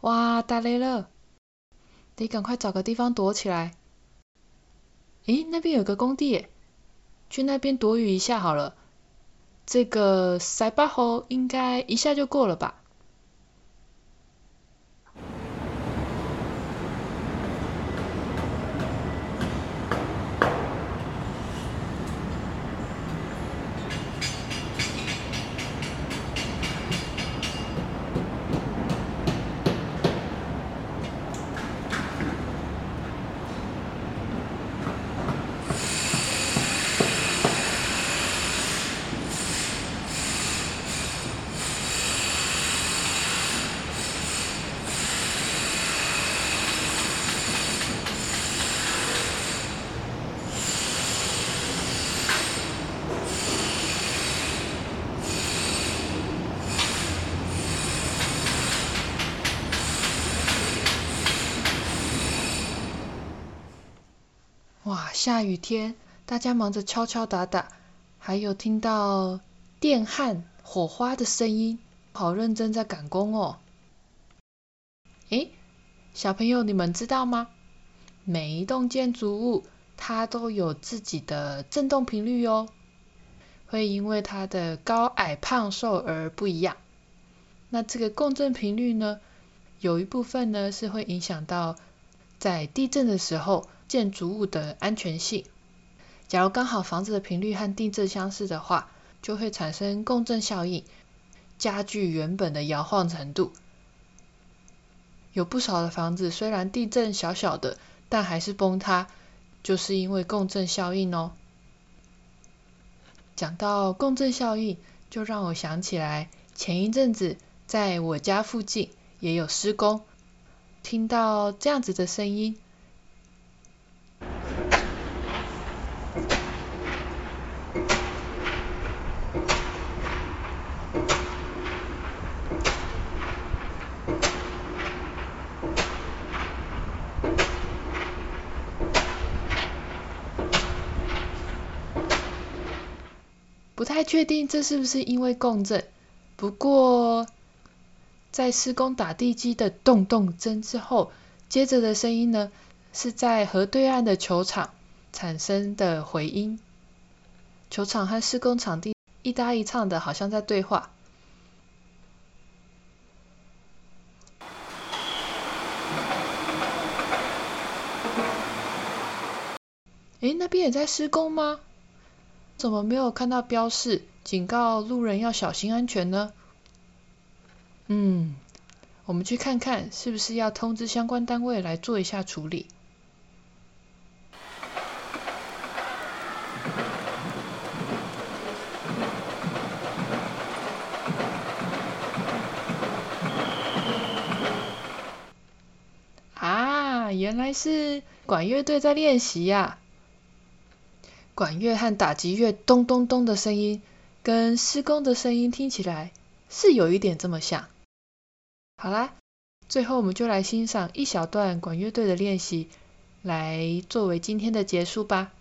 哇，打雷了！得趕快找個地方躲起來。誒，那邊有個工地，誒，去那邊躲雨一下好了。這個塞巴猴應該一下就過了吧。下雨天，大家忙着敲敲打打，還有聽到電焊火花的聲音，好認真在趕工哦。誒，小朋友，你們知道嗎？每一棟建築物，它都有自己的震動頻率哦，會因為它的高矮胖瘦而不一樣。那這個共振頻率呢，有一部分呢，是會影響到在地震的時候。建築物的安全性，假如剛好房子的頻率和地震相似的話，就會產生共振效應，加劇原本的搖晃程度。有不少的房子雖然地震小小的，但還是崩塌，就是因為共振效應哦。講到共振效應，就讓我想起來，前一陣子在我家附近也有施工，聽到這樣子的聲音。不太確定這是不是因為共振，不過在施工打地基的動動針之後，接着的聲音呢，是在河對岸的球場產生的回音，球場和施工場地一搭一唱的，好像在對話。哎、欸，那邊也在施工嗎？怎麼沒有看到標示，警告路人要小心安全呢？嗯，我們去看看，是不是要通知相關單位來做一下處理。啊，原來是管樂隊在練習呀、啊！管樂和打擊樂咚咚咚的聲音，跟施工的聲音聽起來是有一點這麼像。好啦，最後我們就來欣賞一小段管樂隊的練習，來作為今天的結束吧。